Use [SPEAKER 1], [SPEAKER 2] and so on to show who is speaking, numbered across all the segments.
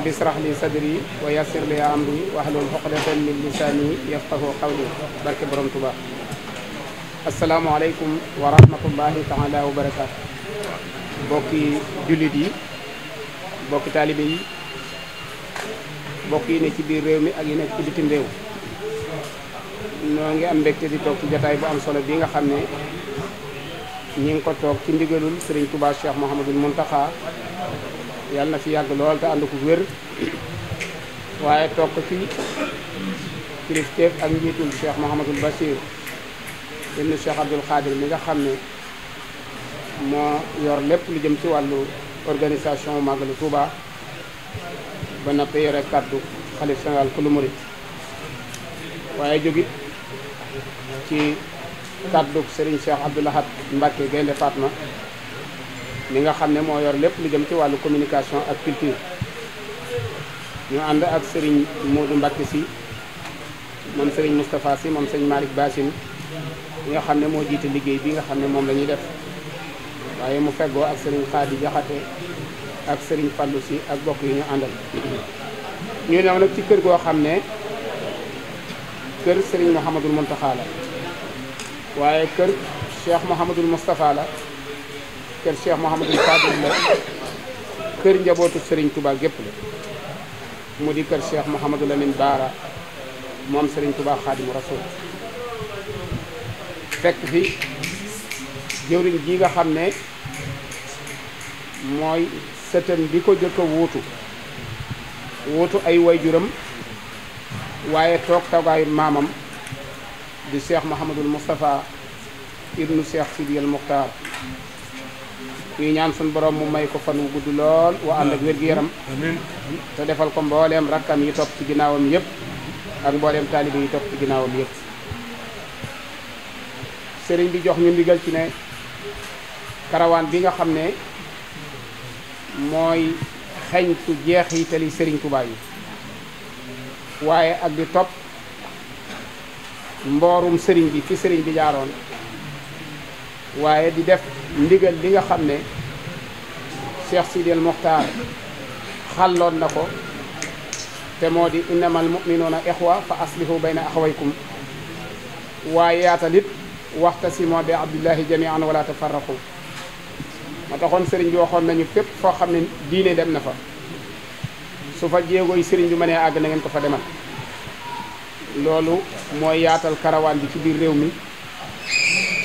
[SPEAKER 1] rabbi israh li sadri wa yassir li amri wahlul uqdatan min lisani yafqahu qawli barke borom Tuubaa asalaamualeykum wa rahmatullahi taala wa barakaatu bokki jullit yi bokki taalibe yi bokk yi ne ci biir réew mi ak yi nekk ci bitim réew noo ngi am mbégte di toog ci jataay bu am solo bi nga xam ne ñi ngi ko toog ci ndigalul Sëriñ Tuubaa Cheikh Mouhamadul Muntaxa yàlla na fi yàgg lool te ànd ko wér waaye toog ci kilifteef ak njiitul Cheikh Mouhamadul Bachir ibnu Cheikh Abdoul Khadir mi nga xam ne moo yor lépp lu jëm ci wàllu organisation Màggalu Touba ba noppi yore kàddu xalif général kulu murit waaye jógit ci kàddu Serigne Cheikh Abdoul Ahad Mbacké Gaynde Fatma mi nga xam ne moo yor lépp lu jëm ci wàllu communication ak culture ñu ànd ak sëriñ Modou Mbacke si moom sëriñ Moustapha si moom Serigne Malick Bassine mi nga xam ne moo jiite liggéey bi nga xam ne moom lañuy def waaye mu feggoo ak Serigne Khady jaxate ak Serigne Fallou si ak bokk yi ñu àndal ñu new nag ci kër goo xam ne kër Serigne Mouhamadul Mountakha la waaye kër Cheikh Mouhamadul Moustapha la kër Cheikh Mouhamadul Fadil la kër njabootu Serigne Touba gépp la mu di kër Cheikh Mouhamadul Amin Baara moom Serigne Touba Xaadimu Rasul fekk fi jëwriñ ji nga xam ne mooy sëtën bi ko jëkk a wuutu wuutu ay wayjuram waaye toog togaayu maamam di Cheikh Mouhamadul Moustapha ibnu Cheikh Sidi al ñuy ñaan suñu boroom mu may ko fan wu gudd lool wa ànd ak wér-gu-yaram te defal ko mbooleem rakkam yi topp ci ginnaawam yëpp ak mbooleem taalibe yi topp ci ginnaawam yëpp sëriñ bi jox ñu ndigal ci ne karawaan bi nga xam ne mooy xeñtu jeexitali sëriñ Tuubaa yi waaye ak di topp mboorum sëriñ bi fi sëriñ bi jaaroon waaye di def ndigal li nga xam ne Cheikh Sidil Mokhtar xalloon na ko te moo di innamal mu'minuuna ixwa fa aslihu bayna axawaykum waaye yaatal it waxta si moo bi abdillahi jamian wala tafarraqu ma taxoon sëriñ bi waxoon nañu fépp foo xam ne diine dem na fa su fa jéegooy sëriñ bi ne àgg nangeen ko fa demal loolu mooy yaatal karawaan bi ci biir réew mi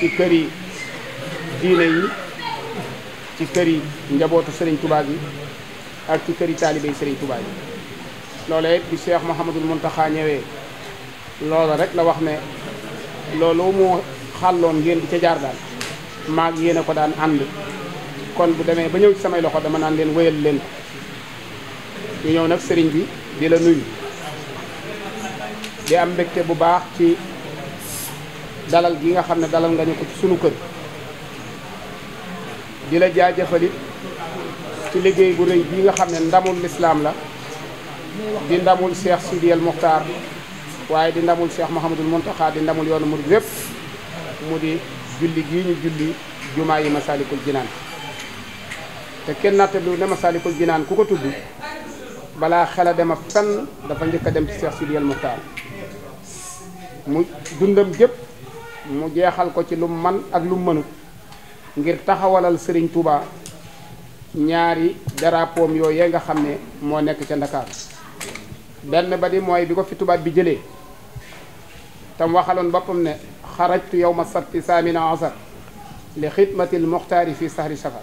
[SPEAKER 1] ci kër yi diine yi ci kër yi njabootu sëriñ Touba bi ak ci kër yi taalibe sëriñ Serigne Touba bi loolee bi Cheikh Mouhamadul Mountakha ñëwee loolu rek la wax ne loolu moo xàlloon ngeen di ca jaar daal maag yéen ko daan ànd kon bu demee ba ñëw ci samay loxo dama naan leen wéyal leen ñu ñëw nag sëriñ bi di la nuyu di am mbégte bu baax ci dalal gi nga xam ne dalal nga ñu ko sunu kër di la jaa jaajëfalit ci liggéey bu rëy bii nga xam ne ndamul lislaam la di ndamul Cheikh Sidiyal Muxtaar waaye di ndamul seex Mouhamadul Muntaxa di ndamul yoonu murid lépp mu di julli gii ñu julli jumaa yi Masaalikul Jinaan te kenn nattalu ne Masaalikul Jinaan ku ko tudd balaa xel a dem a fenn dafa njëkk a dem ci Cheikh Sidiyal Muxtaar mu dundam gépp mu jeexal ko ci lu man ak lu mënut ngir taxawalal sëriñ Touba ñaari drapeau yooyu yee nga xam ne moo nekk ca Ndakaaru benn ba di mooy bi ko fi tubaab bi jëlee tam waxaloon boppam ne xarajtu yow ma sabti saamina asar li xidmatil muxtaari fi sahri safar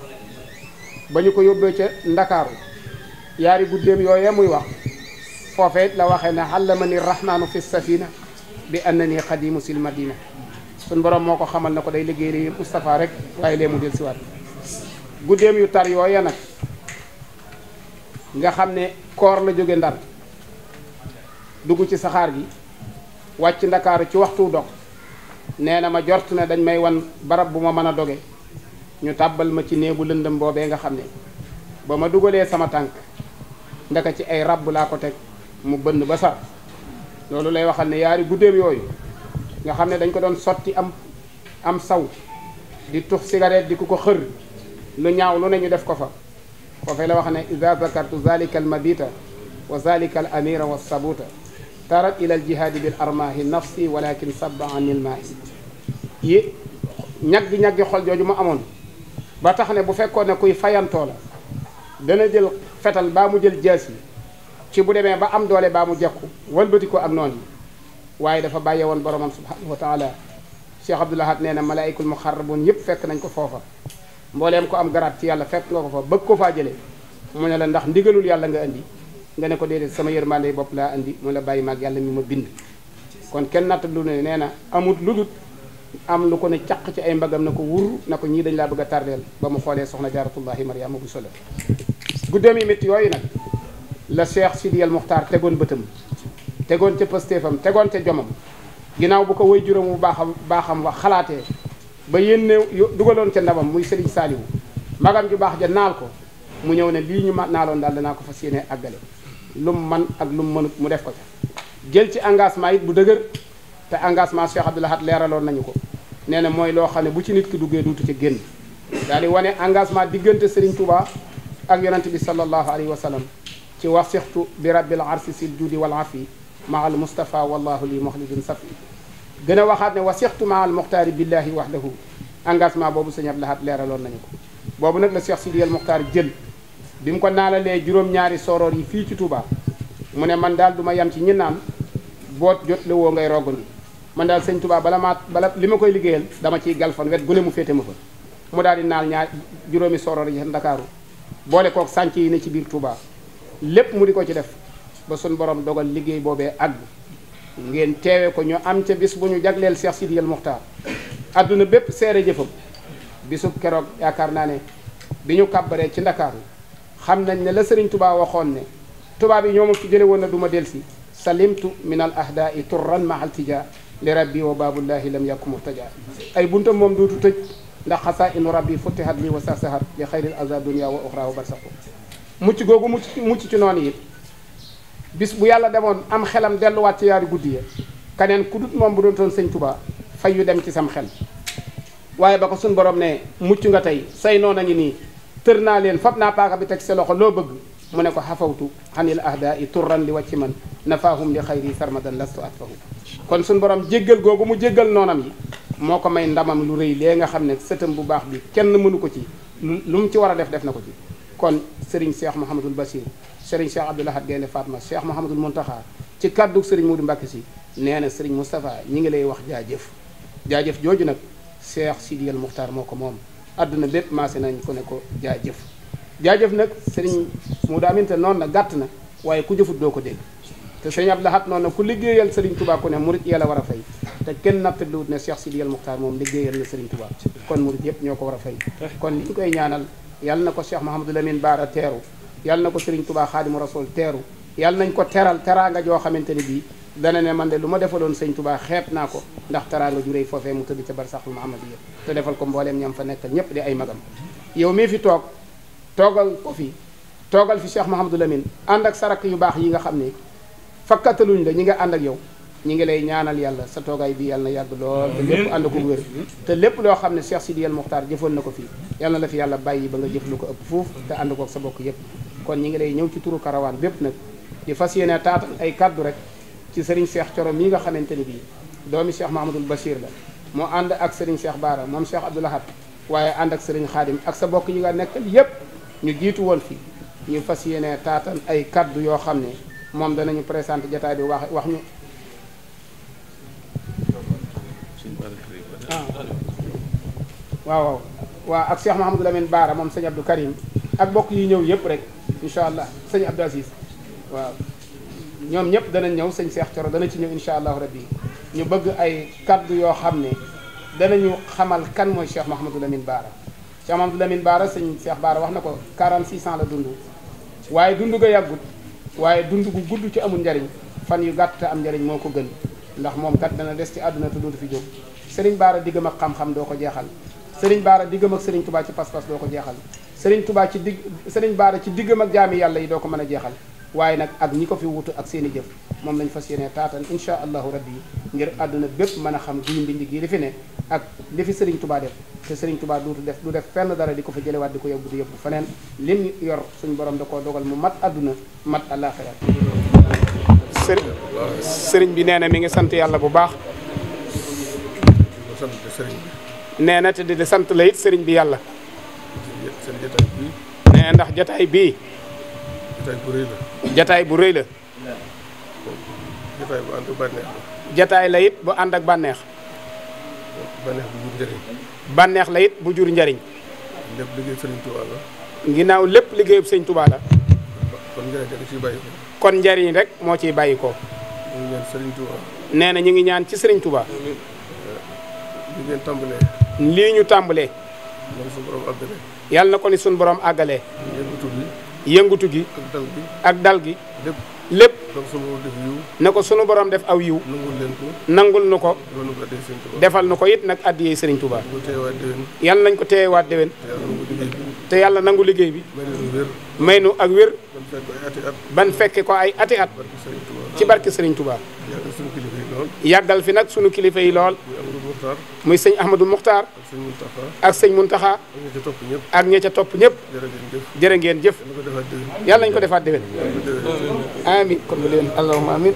[SPEAKER 1] ba ñu ko yóbbee ca Ndakaaru yaari guddeem yooyee muy wax foofee la waxee ne xàllama ni rahmaanu fi safina bi annani xadimu sil madina suñ boroom moo ko xamal na ko day liggéey li Moustapha rek waaye lee mu del siwaat guddeem yu tar ya nag nga xam ne koor la jóge ndar dugg ci saxaar gi wàcc ndakaaru ci waxtu dog nee na ma jort ne dañ may wan barab bu ma mën a doge ñu tàbbal ma ci néegu lëndëm boobee nga xam ne ba ma dugalee sama tànk ndaka ci ay ràbb laa ko teg mu bënn ba sar loolu lay waxal ne yaari guddeem yooyu nga xam ne dañ ko doon sotti am am saw di tux cigarette di ku ko xër lu ñaaw lu ne ñu def ko fa foofee la wax ne ida zakartu zalika al mabita wa zalika al amira wa sabuta tarat ila al jihaadi bil armahi nafsi walakin sabba anil maahi yi ñaggi ñaggi xol jooju mu amoon ba tax ne bu fekkoon ne kuy fayantoo la dana jël fetal baa mu jël jaas yi ci bu demee ba am doole baa mu jekku walbati ak noon yi waaye dafa bàyyee woon boromam subhanahu wa taala Cheikh Abdoul Ahad nee na malaayikul muxarrabuun yëpp fekk nañ ko foofa mbooleem ko am garaat ci yàlla fekk nga ko fa bëgg ko faa jëlee mu ne la ndax ndigalul yàlla nga indi nga ne ko déedéet sama yërmande bopp laa indi mu la bàyyi maag yàlla mi ma bind kon kenn nattal lu ne nee na amut lu dut am lu ko ne caq ci ay mbagam na ko wur na ko ñii dañ laa bëgg a tardeel ba mu xoolee soxna jaaratullahi mariama bu solo guddeem yi métti yooyu la Cheikh Sidiyal Muxtaar tegoon bëtam tegoon ca pëstéefam tegoon ca jomam ginnaaw bu ko way juróom bu baaxam baaxam wax xalaatee ba yénne dugaloon ca ndabam muy Sëriñ Saaliwu magam ju baax ja naal ko mu ñëw ne lii ñu ma naaloon daal danaa ko fa yéene àggale lum man ak lum mënut mu def ko ca jël ci engagement it bu dëgër te engagement Cheikh Abdou Lahad leeraloon nañu ko nee na mooy loo xam ne bu ci nit ki duggee duutu ci génn daal di wane engagement diggante Serigne Touba ak yonante bi sallallahu alayhi wa sallam ci wasixtu bi rabbil arsi sil juudi wal afi maa maal Moustapha wallahu li moxlidin safi gën a waxaat ne wasixtu maal muxtaari billahi waxdahu engagement boobu sëñ Abdou leeraloon nañu ko boobu nag la Cheikh Sidiyal Muxtaar jël bi mu ko naanalee juróom-ñaari soroor yi fii ci Touba mu ne man daal du ma ci ñi naan boot jot la ngay rogg ni man daal sëñ Touba bala maa bala li ma koy liggéeyal dama ciy galfan wet gune mu féete ma fa mu daal di naal ñaar juróomi soroor yi Ndakaaru boole kook sànc yi ne ci biir Touba lépp mu di ko ci def ba sun borom dogal liggéey boobee àgg ngeen teewe ko ñu am ca bis bu ñu jagleel Cheikh Sidiyal Muxtaar àdduna bépp seere jëfam bisub keroog yaakaar naa ne bi ñu kàbbaree ci ndakaaru xam nañ ne la sëriñ tubaa waxoon ne tubaab yi ñooma fi jële woon na du ma delsi salimtu min al ahdaa i turran mahal tija li rabbi wa baabullahi lam yakku muhtaja ay buntam moom dootu tëj ndax xasaa inu rabbi futtihat li wa sasahar li xayril aza dunia wa oxra wa barsaqo ci noonu it bis bu yàlla demoon am xelam delluwaat ci yaari guddi ya kaneen ku moom bu doon toon sëñ Tuubaa fay yu dem ci sam xel waaye ba ko suñ borom ne mucc nga tey say noon a ngi nii tër naa leen fab naa paaka bi teg sa loxo loo bëgg mu ne ko xafawtu xanil ahda i turran li wàcci man nafaahum li xayri sarmadan lastu atfahu kon suñ borom jéggal googu mu jéggal noonam yi moo ko may ndamam lu rëy lee nga xam ne sëtam bu baax bi kenn mënu ko ci lu mu ci war a def def na ko ci kon Serigne Cheikh Mouhamadul Bassir Serigne Cheikh Abdoul Ahad Gaynde Fatma Cheikh Mouhamadul Mountakha ci kàddu Serigne Modou Mbacké si nee seriñ Serigne Moustapha ñi ngi lay wax jaajëf jaajëf jooju nag Cheikh Sidi El Moukhtar moo ko moom àdduna bépp maase nañ ko ne ko jaajëf jaajëf nag Serigne Modou Aminta noon na gàtt na waaye ku jëfut doo ko dégg te Serigne Abdoul noon noonu na ku liggéeyal Serigne Touba ku ne murit la war a fay te kenn nattaliwut ne Cheikh Sidi El Moukhtar moom liggéeyal na Serigne Touba kon murit yëpp ñoo ko war a fay kon ñu koy yal na ko Cheikh Mouhamadou Lamine Baara teeru yal na ko Serigne Touba Xaadimu Rasuul teeru yal nañ ko teral teraanga joo xamante ni bii dana ne man de lu ma defaloon sëñ Touba xeet naa ko ndax teraanga ju réy foofee mu tëdd ca barsaxul Muhammadiyya te defal ko mbooleem ñam fa nekkal ñépp di ay magam yow mii fi toog toogal ko fi toogal fi Cheikh Mouhamadou Lamine ànd ak sarak yu baax yi nga xam ne fakkataluñ la ñi nga ànd ak yow ñi ngi lay ñaanal yàlla sa toogaay bii yàlla na yàgg lool te lépp ànd ko wér te lépp loo xam ne Cheikh Sidi El Mokhtar jëfoon na ko fii yàlla na la fi yàlla bàyyi ba nga jëf lu ko ëpp fuuf te ànd kook sa bokk yépp kon ñi ngi lay ñëw ci turu karawaan bépp nag di fas yéene taatan ay kaddu rek ci Serigne Cheikh Thioro mii nga xamante ni bii doomi Cheikh Mahamadul Bachir la moo ànd ak Serigne Cheikh Baara moom Cheikh Abdoul Ahad waaye ànd ak Serigne Khadim ak sa bokk yi nga nekkal yépp ñu jiitu woon fii ñu fas yéene taatan ay kaddu yoo xam ne moom danañu présenté jataay bi wax wax ñu waaw waaw waaw ak Cheikh Mahamadou Lamine Baara moom sëñ Abdou Karim ak bokk yi ñëw yëpp rek incha allah sëñ Abdou Aziz waaw ñoom ñëpp danañ ñëw sëñ Cheikh Thioro dana ci ñëw incha allahu rabbi ñu bëgg ay kaddu yoo xam ne ñu xamal kan mooy Cheikh Mahamadou Lamine Baara Cheikh Mahamadou Lamine Baara sëñ Cheikh Baara wax na ko 46 ans la dund waaye dund ga yàggut waaye dund gu gudd ci amul njariñ fan yu gàtt am njariñ moo ko gën ndax moom kat dana des ci àdduna te dootu fi jóg sëriñ Baara diggam ak xam-xam doo ko jeexal sëriñ baara diggam ak sëriñ tubaa ci pas-pas doo ko jeexal sëriñ tubaa ci digg sëriñ baara ci diggam ak jaami yàlla yi doo ko mën a jeexal waaye nag ak ñi ko fi wutu ak seen i jëf moom lañ fas yéene taatan insha allahu rabbi ngir àdduna bépp mën a xam guy mbind gii li fi ne ak li fi sëriñ tubaa def te sëriñ tubaa duutu def du def fenn dara di ko fa jëlewaat di ko yóbbu di yóbbu feneen lim yor suñ borom da koo dogal mu mat àdduna mat àllaaxira sëriñ bi nee na mi ngi sant yàlla bu baax nee na te di sant la sëriñ bi yàlla. nee ndax jataay bii. jataay bu rëy la. jataay bu rëy la. jataay bu ànd ak bànneex la. jataay bu ànd ak bànneex. bànneex bu jur njëriñ. bànneex la bu jur njëriñ. lépp liggéey sëriñ Tuubaa ginnaaw lépp liggéeyub sëriñ Tuubaa kon njariñ rek rek moo ciy bàyyi ko. nee na ñu ngi ñaan ci sëriñ Tuubaa. lii ñu tàmbalee. yàlla na ko ni suñu borom àggale yëngutu gi ak dal gi lépp na ko sunu borom def aw yiw nangul nu ko defal nu ko it nag addiyee Serigne Touba yàlla nañ ko teewaat déwén te yàlla nangu liggéey bi may nu ak wér ban fekke ko ay ati at ci barke Serigne Touba yàggal fi nag sunu kilifa yi lool Muxtaar muy sëñ Ahmadou Muxtaar ak sëñ Muntaxa ak ña ca topp ñëpp jërë ngeen jëf yàlla nañ ko defaat déwén amin kon bu leen allahumma amin